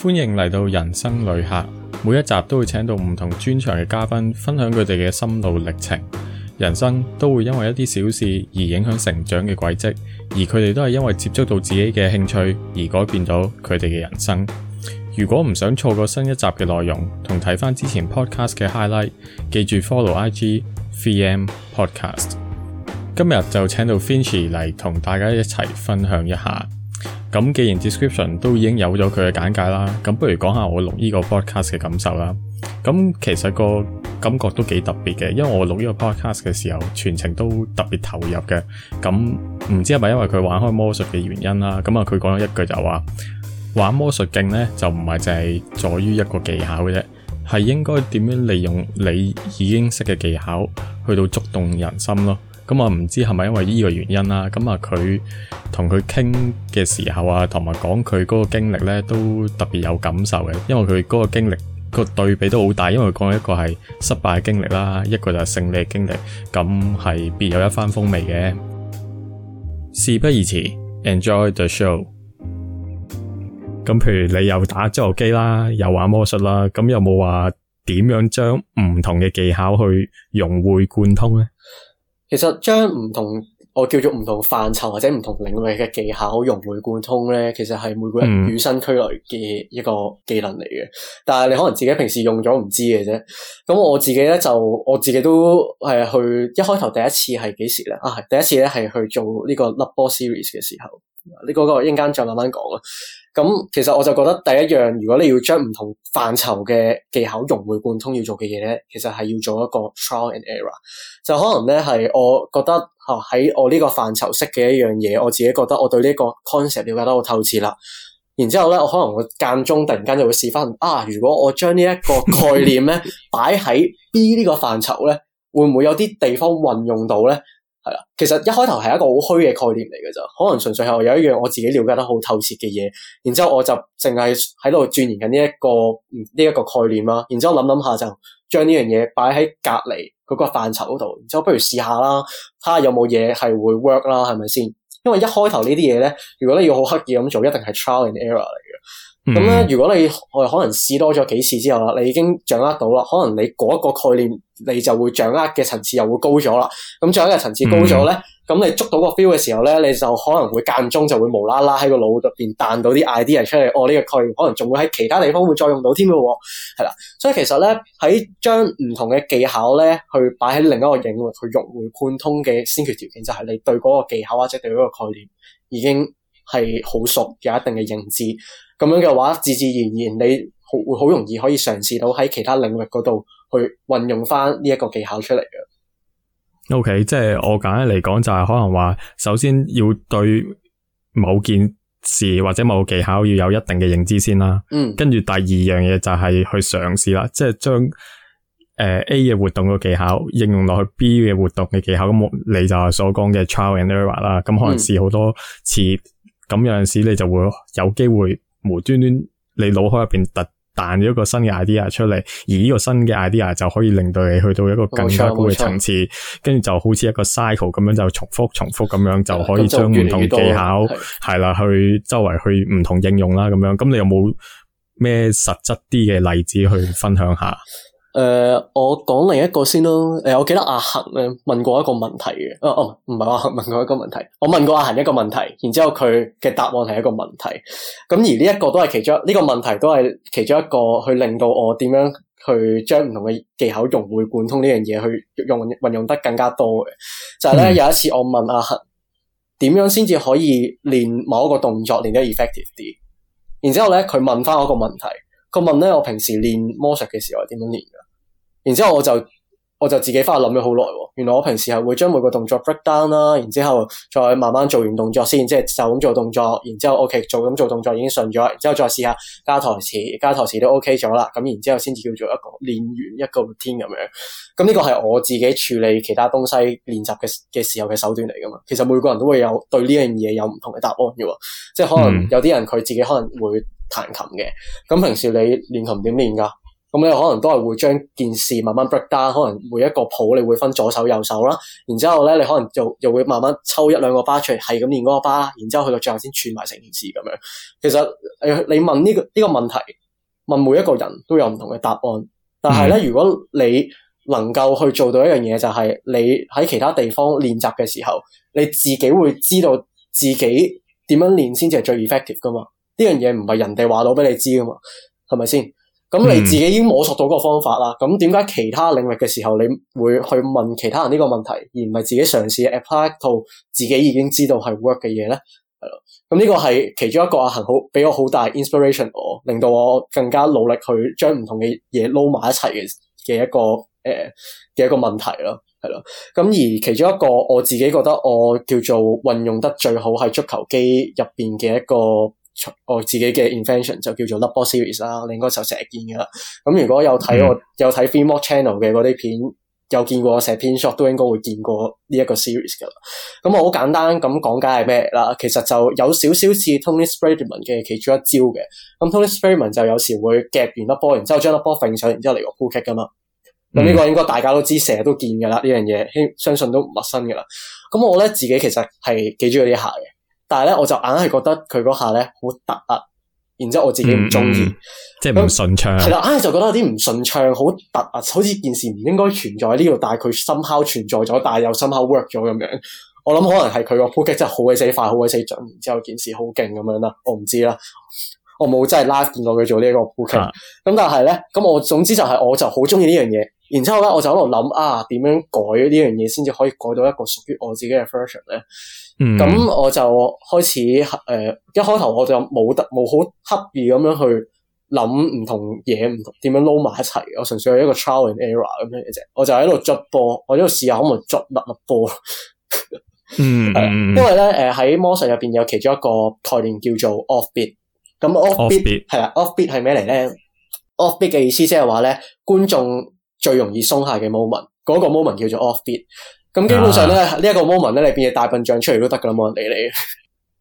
歡迎嚟到人生旅客，每一集都會請到唔同專長嘅嘉賓，分享佢哋嘅心路歷程。人生都會因為一啲小事而影響成長嘅軌跡，而佢哋都係因為接觸到自己嘅興趣而改變到佢哋嘅人生。如果唔想錯過新一集嘅內容，同睇翻之前 podcast 嘅 highlight，記住 follow IG VM Podcast。今日就請到 Vinci 嚟同大家一齊分享一下。咁既然 description 都已經有咗佢嘅簡介啦，咁不如講下我錄呢個 podcast 嘅感受啦。咁其實個感覺都幾特別嘅，因為我錄呢個 podcast 嘅時候全程都特別投入嘅。咁唔知係咪因為佢玩開魔術嘅原因啦？咁啊，佢講咗一句就話：玩魔術勁咧，就唔係淨係在於一個技巧嘅啫，係應該點樣利用你已經識嘅技巧，去到觸動人心咯。咁啊，唔知係咪因為呢個原因啦？咁啊，佢同佢傾嘅時候啊，同埋講佢嗰個經歷呢，都特別有感受嘅。因為佢嗰個經歷個對比都好大，因為佢講一個係失敗嘅經歷啦，一個就係勝利嘅經歷，咁係別有一番風味嘅。事不宜遲，Enjoy the show。咁譬如你又打足球機啦，又玩魔術啦，咁有冇話點樣將唔同嘅技巧去融會貫通呢？其實將唔同我叫做唔同範疇或者唔同領域嘅技巧融會貫通咧，其實係每個人與生俱來嘅一個技能嚟嘅。但係你可能自己平時用咗唔知嘅啫。咁我自己咧就我自己都係去一開頭第一次係幾時咧？啊，第一次咧係去做呢個粒波 series 嘅時候，呢、這個一陣間再慢慢講啦。咁其實我就覺得第一樣，如果你要將唔同範疇嘅技巧融會貫通要做嘅嘢咧，其實係要做一個 trial and error。就可能咧係我覺得嚇喺、啊、我呢個範疇識嘅一樣嘢，我自己覺得我對呢個 concept 了解得好透徹啦。然之後咧，我可能我間中突然間就會試翻，啊！如果我將呢一個概念咧擺喺 B 呢個範疇咧，會唔會有啲地方運用到咧？係啦，其實一開頭係一個好虛嘅概念嚟嘅。咋，可能純粹係有一樣我自己了解得好透徹嘅嘢，然之後我就淨係喺度鑽研緊呢一個呢一個概念啦，然之後諗諗下就將呢樣嘢擺喺隔籬嗰個範疇嗰度，然之後不如試下啦，睇下有冇嘢係會 work 啦，係咪先？因為一開頭呢啲嘢咧，如果你要好刻意咁做，一定係 trial and error 嚟嘅。咁咧，mm hmm. 如果你我可能試多咗幾次之後啦，你已經掌握到啦，可能你嗰一個概念，你就會掌握嘅層次又會高咗啦。咁掌握嘅層次高咗咧，咁、mm hmm. 你捉到個 feel 嘅時候咧，你就可能會間中就會無啦啦喺個腦入邊彈到啲 idea 出嚟 ide。哦，呢、這個概念可能仲會喺其他地方會再用到添嘅喎，係啦。所以其實咧，喺將唔同嘅技巧咧，去擺喺另一個領域去融會貫通嘅先決條件就係、是、你對嗰個技巧或者對嗰個概念已經。係好熟，有一定嘅認知，咁樣嘅話，自自然然你好會好容易可以嘗試到喺其他領域嗰度去運用翻呢一個技巧出嚟嘅。OK，即係我簡單嚟講，就係可能話，首先要對某件事或者某技巧要有一定嘅認知先啦。嗯。跟住第二樣嘢就係去嘗試啦，即係將誒 A 嘅活動嘅技巧應用落去 B 嘅活動嘅技巧咁，你就係所講嘅 trial and error 啦。咁可能試好多次。嗯咁有陣時你就會有機會，無端端你腦海入邊突彈咗一個新嘅 idea 出嚟，而呢個新嘅 idea 就可以令到你去到一個更加高嘅層次，跟住、冇錯、就好似一個 cycle 咁樣就重複重複咁樣就可以、嗯嗯、將唔同技巧係、嗯嗯嗯、啦去周圍去唔同應用啦咁樣，咁你有冇咩實質啲嘅例子去分享下？誒、呃，我講另一個先咯。誒、呃，我記得阿恒咧問過一個問題嘅。哦哦，唔係阿恒問過一個問題，我問過阿恒一個問題，然之後佢嘅答案係一個問題。咁而呢一個都係其中呢、這個問題，都係其中一個去令到我點樣去將唔同嘅技巧融會貫通呢樣嘢去用運用得更加多嘅。就係、是、咧，嗯、有一次我問阿恒點樣先至可以練某一個動作練得 effective 啲，然之後咧佢問翻我一個問題，佢問咧我平時練魔術嘅時候係點樣練。然之後我就我就自己翻去諗咗好耐喎，原來我平時係會將每個動作 break down 啦，然之後再慢慢做完動作先，即係就咁做動作，然之後 OK 做咁做動作已經順咗，然之後再試下加台詞，加台詞都 OK 咗啦，咁然之後先至叫做一個練完一個天咁樣。咁呢個係我自己處理其他東西練習嘅嘅時候嘅手段嚟㗎嘛。其實每個人都會有對呢樣嘢有唔同嘅答案㗎喎，即係可能有啲人佢自己可能會彈琴嘅。咁平時你練琴點練㗎？咁你可能都係會將件事慢慢 break down，可能每一個譜你會分左手右手啦，然之後咧你可能就又，又會慢慢抽一兩個巴出嚟，係咁練嗰個巴，然之後去到最後先串埋成件事咁樣。其實誒，你問呢個呢個問題，問每一個人都有唔同嘅答案，但係咧，mm hmm. 如果你能夠去做到一樣嘢，就係你喺其他地方練習嘅時候，你自己會知道自己點樣練先至係最 effective 噶嘛？呢樣嘢唔係人哋話到俾你知噶嘛？係咪先？咁、嗯、你自己已經摸索到個方法啦。咁點解其他領域嘅時候，你會去問其他人呢個問題，而唔係自己嘗試 apply 一套自己已經知道係 work 嘅嘢咧？係咯。咁呢個係其中一個阿恆好俾我好大 inspiration，我令到我更加努力去將唔同嘅嘢撈埋一齊嘅嘅一個誒嘅、呃、一個問題咯，係咯。咁而其中一個我自己覺得我叫做運用得最好係足球機入邊嘅一個。我自己嘅 invention 就叫做粒波 series 啦，你應該就成日見噶啦。咁如果有睇我有睇 female Channel 嘅嗰啲片，有見過我成篇 short 都應該會見過呢一個 series 噶啦。咁我好簡單咁講解係咩啦？其實就有少少似 Tony Spredman 嘅其中一招嘅。咁 Tony Spredman 就有時會夾完粒波，然之後將粒波揈上，然之後嚟個高踢噶嘛。咁呢個應該大家都知，成日都見噶啦，呢樣嘢相信都唔陌生噶啦。咁我咧自己其實係幾中意呢下嘅。但係咧，我就硬係覺得佢嗰下咧好突啊，然之後我自己唔中意，即係唔順暢。係啦，硬係就覺得有啲唔順暢，好突啊！好似件事唔應該存在呢度，但係佢 somehow 存在咗，但係又 somehow work 咗咁樣。我諗可能係佢個 p r o 真係好鬼死快，好鬼死準，然之後件事好勁咁樣啦。我唔知啦，我冇真係 live 見過佢做、啊、呢一個 p r o。咁但係咧，咁我總之就係我就好中意呢樣嘢。然之後咧，我就喺度諗啊，點樣改呢樣嘢先至可以改到一個屬於我自己嘅 version 咧？咁、嗯、我就開始誒、呃，一開頭我就冇特冇好刻意咁樣去諗唔同嘢，唔同點樣撈埋一齊。我純粹係一個 trial and error 咁樣嘅啫。我就喺度捉波，我喺度試下可唔可以捉粒粒波。嗯，因為咧誒，喺魔術入邊有其中一個概念叫做 off beat。咁 off beat 係啊，off beat 係咩嚟咧？off beat 嘅 yeah, beat.、yeah，意思即係話咧，觀眾，最容易鬆下嘅 moment，嗰個 moment 叫做 offbeat。咁基本上咧，啊、呢一個 moment 咧，你變嘢大笨象出嚟都得噶啦，冇人理你。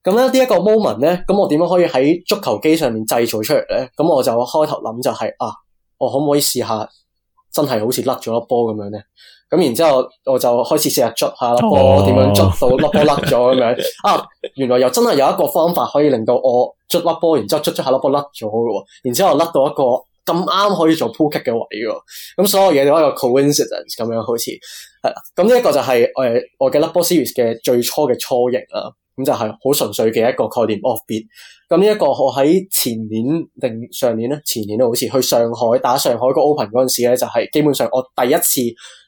咁 咧，呢一個 moment 咧，咁我點樣可以喺足球機上面製造出嚟咧？咁我就開頭諗就係、是、啊，我可唔可以試下真係好似甩咗粒波咁樣咧？咁然之後我就開始試，試一下捽下粒波，點、哦、樣捽到粒波甩咗咁樣啊？原來又真係有一個方法可以令到我捽粒波，然之後捽咗下粒波甩咗噶喎，然之後甩到一個。咁啱可以做鋪劇嘅位喎，咁所有嘢都係一個 coincidence 咁樣好，好似係啦。咁呢一個就係誒、我嘅 level series 嘅最初嘅初型啦。咁就係好純粹嘅一個概念 of bit。咁呢一個我喺前年定上年咧，前年都好似去上海打上海個 open 嗰陣時咧，就係、是、基本上我第一次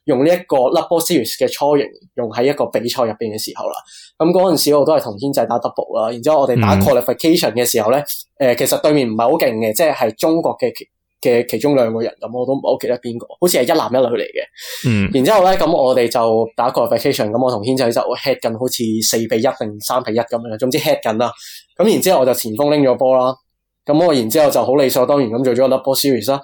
用呢一個 level series 嘅初型用喺一個比賽入邊嘅時候啦。咁嗰陣時我都係同軒仔打 double 啦，然之後我哋打 qualification 嘅時候咧，誒、嗯、其實對面唔係好勁嘅，即係係中國嘅。嘅其中兩個人咁，我都唔好記得邊個，好似係一男一女嚟嘅。嗯，然之後咧，咁我哋就打 qualification，咁我同軒仔就 head 緊好似四比一定三比一咁樣，總之 head 緊啦。咁然之後我就前鋒拎咗波啦，咁我然之後就好理所當然咁做咗 double 粒波 series 啦，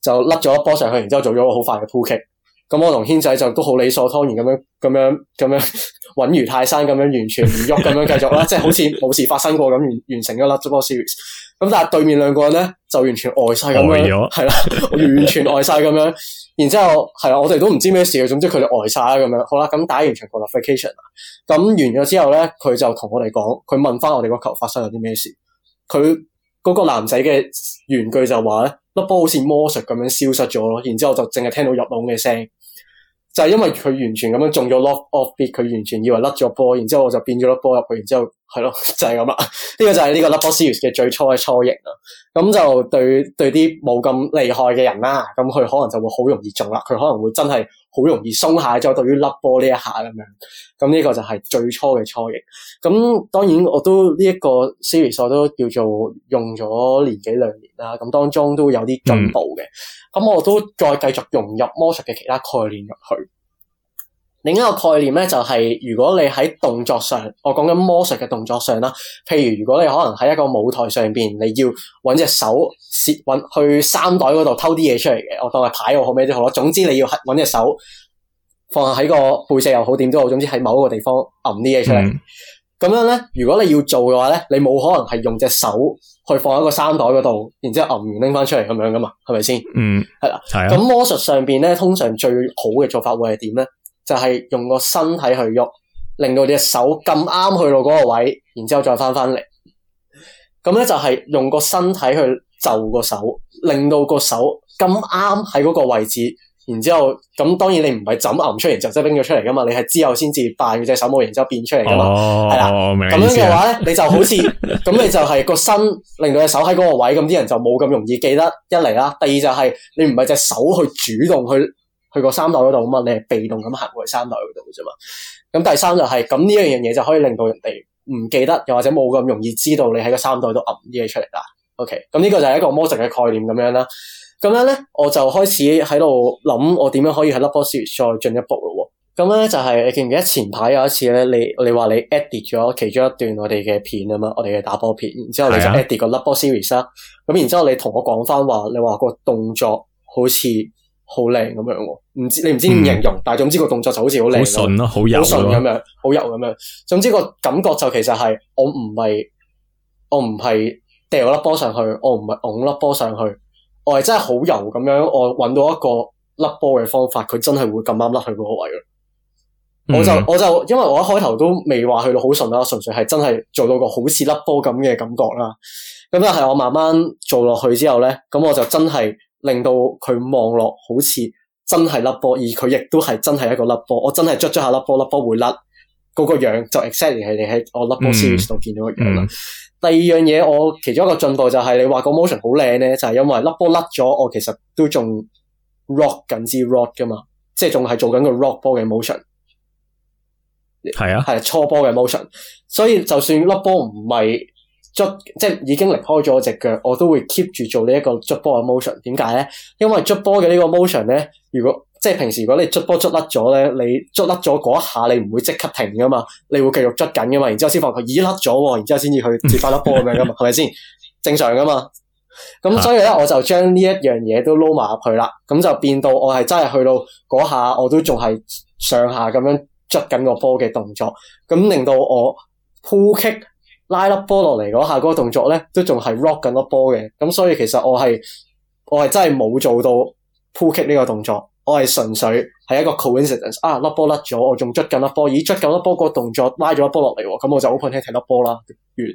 就甩咗一波上去，然之後做咗個好快嘅 pull。咁我同軒仔就都好理所當然咁樣，咁樣，咁樣。穩如泰山咁樣，完全唔喐咁樣繼續啦，即係好似冇事發生過咁完完成咗粒波 series。咁但係對面兩個人咧就完全呆晒咁了樣，係啦，完全呆晒咁樣。 然之後係啦，我哋都唔知咩事，總之佢哋呆晒啦咁樣。好啦，咁打完場 qualification，咁完咗之後咧，佢就同我哋講，佢問翻我哋個球發生咗啲咩事。佢嗰個男仔嘅原句就話咧，粒波好似魔術咁樣消失咗咯，然之後就淨係聽到入籠嘅聲。就係因為佢完全咁樣中咗 lock off bit，佢完全以為甩咗波，然之後我就變咗粒波入去，然後。係咯，就係咁啦。呢 個就係呢個甩波 series 嘅最初嘅雛形啦。咁就對對啲冇咁厲害嘅人啦，咁佢可能就會好容易中啦。佢可能會真係好容易鬆懈咗對於甩波呢一下咁樣。咁呢個就係最初嘅雛形。咁當然我都呢一、這個 series，我都叫做用咗年幾兩年啦。咁當中都有啲進步嘅。咁我都再繼續融入魔術嘅其他概念入去。另一個概念咧，就係、是、如果你喺動作上，我講緊魔術嘅動作上啦。譬如如果你可能喺一個舞台上邊，你要揾隻手摺，揾去衫袋嗰度偷啲嘢出嚟嘅。我當係牌又好咩都好啦。總之你要揾隻手放喺個背脊又好點都好，總之喺某一個地方揞啲嘢出嚟。咁、嗯、樣咧，如果你要做嘅話咧，你冇可能係用隻手去放喺個衫袋嗰度，然之後揞完拎翻出嚟咁樣噶嘛，係咪先？嗯，係啦。係啊。咁魔術上邊咧，通常最好嘅做法會係點咧？就係用個身體去喐，令到你隻手咁啱去到嗰個位，然之後再翻翻嚟。咁咧就係用個身體去就個手，令到個手咁啱喺嗰個位置。然之後咁，剛剛然後當然你唔係枕岩出，嚟，就即係拎咗出嚟噶嘛。你係之後先至扮隻手模，然之後變出嚟噶嘛。哦，係啦，咁樣嘅話咧，你就好似咁， 你就係個身令到隻手喺嗰個位。咁啲人就冇咁容易記得一嚟啦。第二就係、是、你唔係隻手去主動去。去個三袋嗰度啊嘛，你係被動咁行過去三袋嗰度嘅啫嘛。咁第三就係咁呢樣嘢就可以令到人哋唔記得，又或者冇咁容易知道你喺個三代度揼啲嘢出嚟啦。OK，咁、嗯、呢、這個就係一個魔術嘅概念咁樣啦。咁樣咧，我就開始喺度諗我點樣可以喺 Labo Series 再進一步咯喎。咁咧就係、是、你記唔記得前排有一次咧，你你話你 edit 咗其中一段我哋嘅片啊嘛，我哋嘅打波片，然之後你就 edit 個 Labo Series 啦。咁然之後你同我講翻話，你話個動作好似～好靚咁樣，唔知你唔知點形容，嗯、但係總之個動作就好似好靚咯，好順咯，好油咁、啊、樣，好柔咁樣。總之個感覺就其實係我唔係我唔係掉粒波上去，我唔係拱粒波上去，我係真係好油咁樣。我揾到一個甩波嘅方法，佢真係會咁啱甩去嗰個位咯、嗯。我就我就因為我一開頭都未話去到好順啦，純粹係真係做到個好似甩波咁嘅感覺啦。咁但係我慢慢做落去之後咧，咁我就真係。令到佢望落好似真係甩波，而佢亦都係真係一個甩波。我真係捽咗下甩波，甩波會甩，嗰、那個樣就 exactly 係你喺我甩波 series 度見到嘅樣啦。嗯嗯、第二樣嘢，我其中一個進步就係你話個 motion 好靚咧，就係、是、因為甩波甩咗，我其實都仲 rock 緊至 rock 噶嘛，即係仲係做緊個 rock 波嘅 motion、嗯。係、嗯、啊，係初波嘅 motion，所以就算甩波唔係。捽即係已經離開咗隻腳，我都會 keep 住做呢一個捽波嘅 motion。點解咧？因為捽波嘅呢個 motion 咧，如果即係平時如果你捽波捽甩咗咧，你捽甩咗嗰一下你唔會即刻停噶嘛，你會繼續捽緊噶嘛，然之後先發覺咦甩咗、啊，然之後先至去接翻粒波咁樣噶嘛，係咪先？正常噶嘛。咁所以咧，我就將呢一樣嘢都撈埋入去啦，咁就變到我係真係去到嗰下，我都仲係上下咁樣捽緊個波嘅動作，咁令到我呼吸。拉粒波落嚟嗰下，嗰個動作咧都仲係 rock 緊粒波嘅，咁所以其實我係我係真係冇做到 pull kick 呢個動作，我係純粹係一個 coincidence 啊！粒波甩咗，我仲捽緊粒波，咦，捽緊粒波嗰個動作拉咗粒波落嚟喎，咁我就 open 起踢粒波啦，完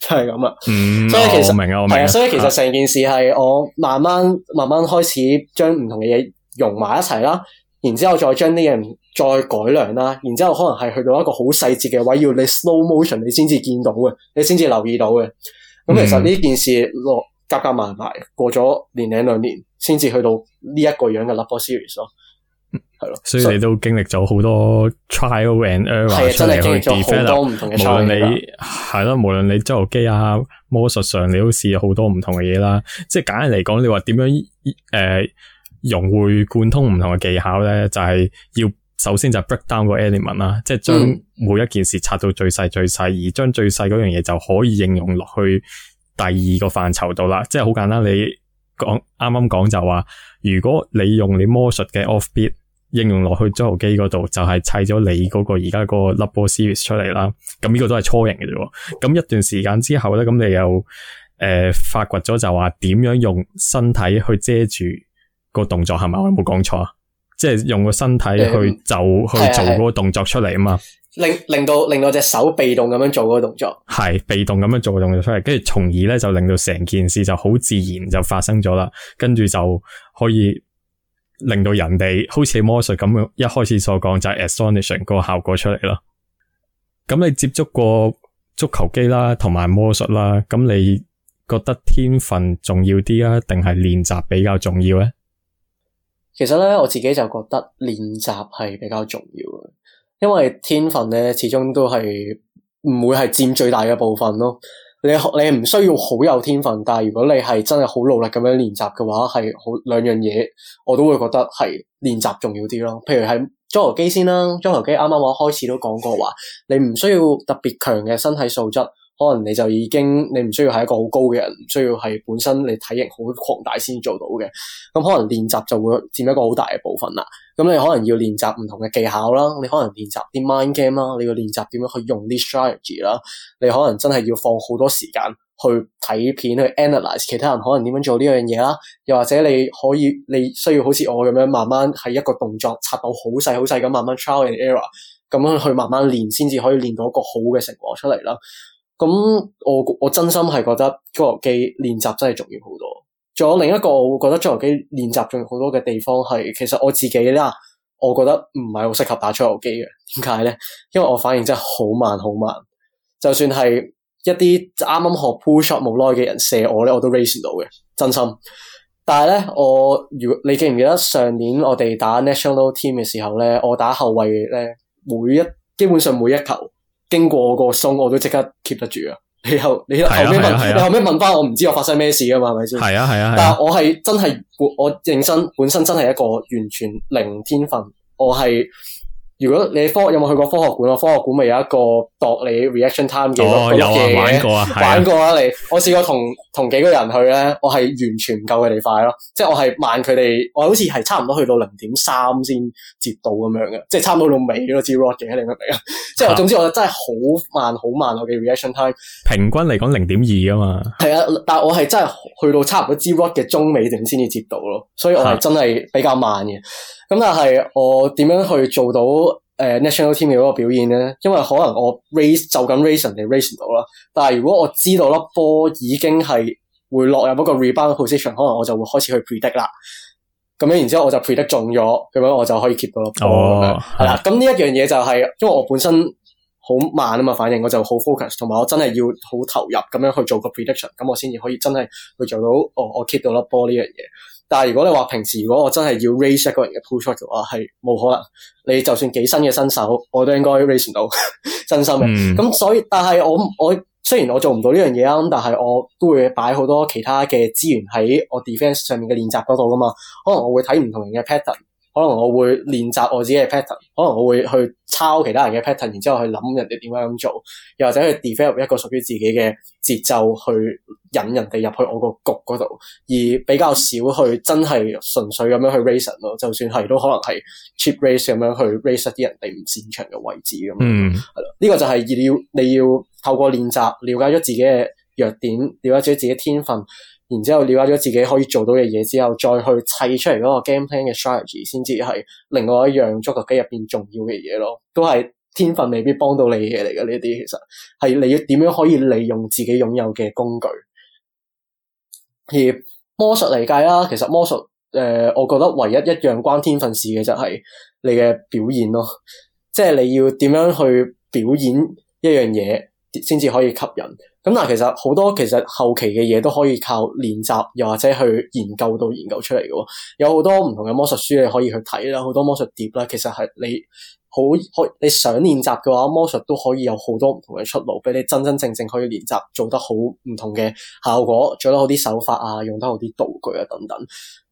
真係咁啦。嗯，所以其實我，我明啊，我明啊。所以其實成件事係我慢慢、啊、慢慢開始將唔同嘅嘢融埋一齊啦。然之後再將啲嘢再改良啦，然之後可能係去到一個好細節嘅位，要你 slow motion 你先至見到嘅，你先至留意到嘅。咁其實呢件事落夾夾埋埋，過咗年零兩年，先至去到呢一個樣嘅 level series 咯，係咯。所以你都經歷咗好多 trial and error 出嚟，真係經歷咗好多唔同嘅嘢，無論你係咯，無論你足球機啊、魔術上，你都試好多唔同嘅嘢啦。嗯、即係簡單嚟講，你話點樣誒？融會貫通唔同嘅技巧咧，就係、是、要首先就 break down 個 element 啦，即係將每一件事拆到最細最細，而將最細嗰樣嘢就可以應用落去第二個範疇度啦。即係好簡單，你講啱啱講就話、是，如果你用你魔術嘅 offbeat 應用落去足球機嗰度，就係、是、砌咗你嗰個而家個粒波 series 出嚟啦。咁呢個都係初型嘅啫。咁一段時間之後咧，咁你又誒、呃、發掘咗就話點樣用身體去遮住。個動作係咪我有冇講錯？即係用個身體去就去做嗰個動作出嚟啊嘛，嗯，令令到令到隻手被動咁樣做嗰個動作，係被動咁樣做個動作出嚟，跟住從而咧就令到成件事就好自然就發生咗啦。跟住就可以令到人哋好似魔術咁樣一開始所講就係 astonishment 個效果出嚟啦。咁你接觸過足球機啦，同埋魔術啦，咁你覺得天分重要啲啊，定係練習比較重要咧？其實咧，我自己就覺得練習係比較重要嘅，因為天分咧始終都係唔會係佔最大嘅部分咯。你你唔需要好有天分，但係如果你係真係好努力咁樣練習嘅話，係好兩樣嘢，我都會覺得係練習重要啲咯。譬如係足球機先啦，足球機啱啱我開始都講過話，你唔需要特別強嘅身體素質。可能你就已經你唔需要係一個好高嘅人，唔需要係本身你體型好擴大先做到嘅。咁可能練習就會佔一個好大嘅部分啦。咁你可能要練習唔同嘅技巧啦，你可能練習啲 mind game 啦，你要練習點樣去用啲 strategy 啦。你可能真係要放好多時間去睇片去 analyse 其他人可能點樣做呢樣嘢啦。又或者你可以你需要好似我咁樣慢慢係一個動作拆到好細好細咁慢慢 trial and error 咁樣去慢慢練，先至可以練到一個好嘅成果出嚟啦。咁我我真心係覺得足球機練習真係重要好多。仲有另一個我會覺得足球機練習重要好多嘅地方係，其實我自己啦，我覺得唔係好適合打足球機嘅。點解咧？因為我反應真係好慢好慢。就算係一啲啱啱學 pull shot 冇耐嘅人射我咧，我都 raise 到嘅，真心。但係咧，我如果你記唔記得上年我哋打 national team 嘅時候咧，我打後衛咧，每一基本上每一球。經過我個松，我都即刻 keep 得住啊！你後你後尾問，你後尾問翻、啊啊、我，唔知我發生咩事㗎嘛？係咪先？係啊係啊，啊啊但係我係真係我認真，本身真係一個完全零天分，我係。如果你科有冇去過科學館啊？科學館咪有一個度你 reaction time 嘅、哦、的有啊，玩過，玩過是啊你？我試過同同幾個人去咧，我係完全唔夠佢哋快咯，即係我係慢佢哋，我好似係差唔多去到零點三先接到咁樣嘅，即係差唔多到尾嗰支 rock 嘅，你明唔明啊！即係總之我真係好慢好慢我嘅 reaction time。平均嚟講零點二啊嘛。係啊，但係我係真係去到差唔多 g rock 嘅中尾段先至接到咯，所以我係真係比較慢嘅。咁但係我點樣去做到？誒、uh，National Team 嘅嗰個表現咧，因為可能我 raise 就咁 raise 人哋 raise 唔到啦，但係如果我知道粒波已經係會落入一個 rebound position，可能我就會開始去 predict 啦。咁樣然之後我就 predict 中咗，咁樣我就可以 keep 到粒波，係啦、oh, 咁樣。咁呢一樣嘢就係、是，因為我本身好慢啊嘛，反應我就好 focus，同埋我真係要好投入咁樣去做個 prediction，咁我先至可以真係去做到，哦，我 keep 到粒波呢樣嘢。但係如果你話平時如果我真係要 raise 一個人嘅 push shot 嘅話，係冇可能。你就算幾新嘅新手，我都應該 raise 唔到，真心嘅。咁、嗯、所以，但係我我雖然我做唔到呢樣嘢啊，咁但係我都會擺好多其他嘅資源喺我 defence 上面嘅練習嗰度噶嘛。可能我會睇唔同人嘅 pattern。可能我會練習我自己嘅 pattern，可能我會去抄其他人嘅 pattern，然之後去諗人哋點樣咁做，又或者去 develop 一個屬於自己嘅節奏去引人哋入去我個局嗰度，而比較少去真係純粹咁樣去 race 咯。就算係都可能係 cheap race 咁樣去 race 一啲人哋唔擅長嘅位置咁。係咯，嗯，呢個就係要你要透過練習了解咗自己嘅弱點，了解咗自己天分。然之後了解咗自己可以做到嘅嘢之後，再去砌出嚟嗰個 game plan 嘅 strategy，先至係另外一樣足球機入邊重要嘅嘢咯。都係天分未必幫到你嘅嚟嘅，呢啲其實係你要點樣可以利用自己擁有嘅工具。而魔術嚟計啦，其實魔術誒、呃，我覺得唯一一樣關天分事嘅就係你嘅表演咯，即係你要點樣去表演一樣嘢，先至可以吸引。咁但係其實好多其實後期嘅嘢都可以靠練習，又或者去研究到研究出嚟嘅喎，有好多唔同嘅魔術書你可以去睇啦，好多魔術碟啦，其實係你好開，你想練習嘅話，魔術都可以有好多唔同嘅出路俾你，真真正正可以練習做得好唔同嘅效果，做得好啲手法啊，用得好啲道具啊等等，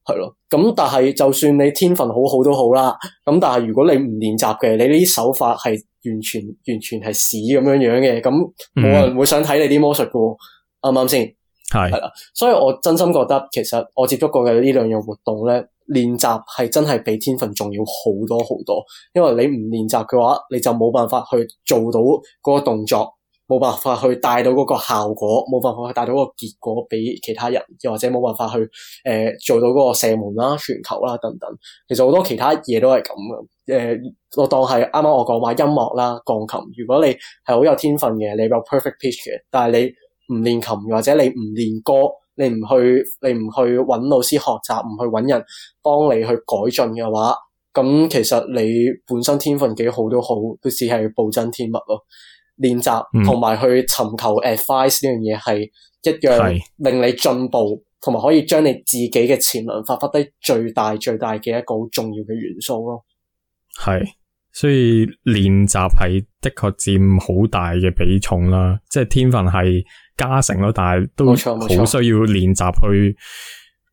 係咯。咁但係就算你天分好好都好啦，咁但係如果你唔練習嘅，你呢啲手法係。完全完全係屎咁樣樣嘅，咁冇人會想睇你啲魔術噶，啱啱先？係係啦，所以我真心覺得，其實我接觸過嘅呢兩樣活動咧，練習係真係比天分重要好多好多，因為你唔練習嘅話，你就冇辦法去做到個動作。冇辦法去帶到嗰個效果，冇辦法去帶到嗰個結果俾其他人，又或者冇辦法去誒、呃、做到嗰個射門啦、傳球啦等等。其實好多其他嘢都係咁嘅。誒、呃，我當係啱啱我講話音樂啦、鋼琴。如果你係好有天分嘅，你有 perfect pitch 嘅，但係你唔練琴或者你唔練歌，你唔去你唔去揾老師學習，唔去揾人幫你去改進嘅話，咁其實你本身天分幾好都好，都只係暴殄天物咯。練習同埋去尋求 advice 呢樣嘢係一樣令你進步，同埋是可以將你自己嘅潛能發揮得最大最大嘅一個好重要嘅元素咯。係，所以練習係的確佔好大嘅比重啦。即係天分係加成咯，但係都好需要練習去。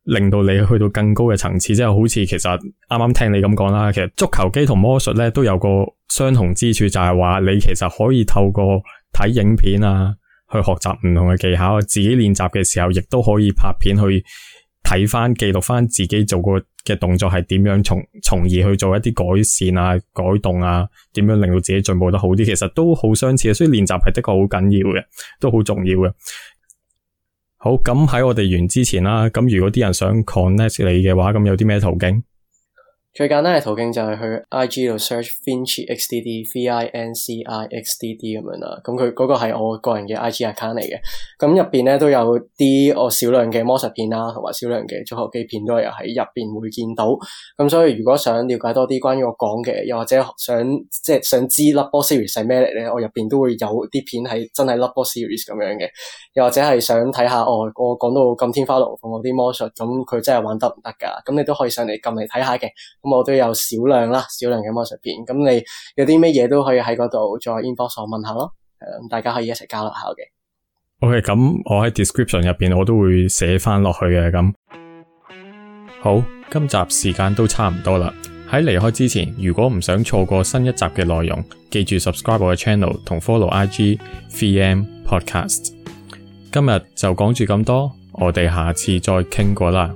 令到你去到更高嘅層次，即係好似其實啱啱聽你咁講啦。其實足球機同魔術咧都有個相同之處，就係話你其實可以透過睇影片啊，去學習唔同嘅技巧。自己練習嘅時候，亦都可以拍片去睇翻、記錄翻自己做過嘅動作係點樣，從從而去做一啲改善啊、改動啊，點樣令到自己進步得好啲。其實都好相似，所以練習係的確好緊要嘅，都好重要嘅。好，咁喺我哋完之前啦，咁如果啲人想 connect 你嘅話，咁有啲咩途徑？最簡單嘅途徑就係去 IG DD, I G 度 search Vinci X D D V I N C I X D D 咁樣啦，咁佢嗰個係我個人嘅 I G account 嚟嘅，咁入邊咧都有啲我少量嘅魔術片啦、啊，同埋少量嘅足球機片都係喺入邊會見到，咁所以如果想了解多啲關於我講嘅，又或者想即係想知粒波 series 係咩嚟咧，我入邊都會有啲片係真係粒波 series 咁樣嘅，又或者係想睇下哦，我講到咁天花龍鳳嗰啲魔術，咁佢真係玩得唔得㗎？咁你都可以上嚟撳嚟睇下嘅。我都有少量啦，少量嘅魔術片。咁你有啲咩嘢都可以喺嗰度再 inbox 我問下咯，係、嗯、啦，大家可以一齊交流下嘅。OK，咁我喺 description 入邊我都會寫翻落去嘅。咁好，今集時間都差唔多啦。喺離開之前，如果唔想錯過新一集嘅內容，記住 subscribe 我嘅 channel 同 follow IG VM Podcast。今日就講住咁多，我哋下次再傾過啦。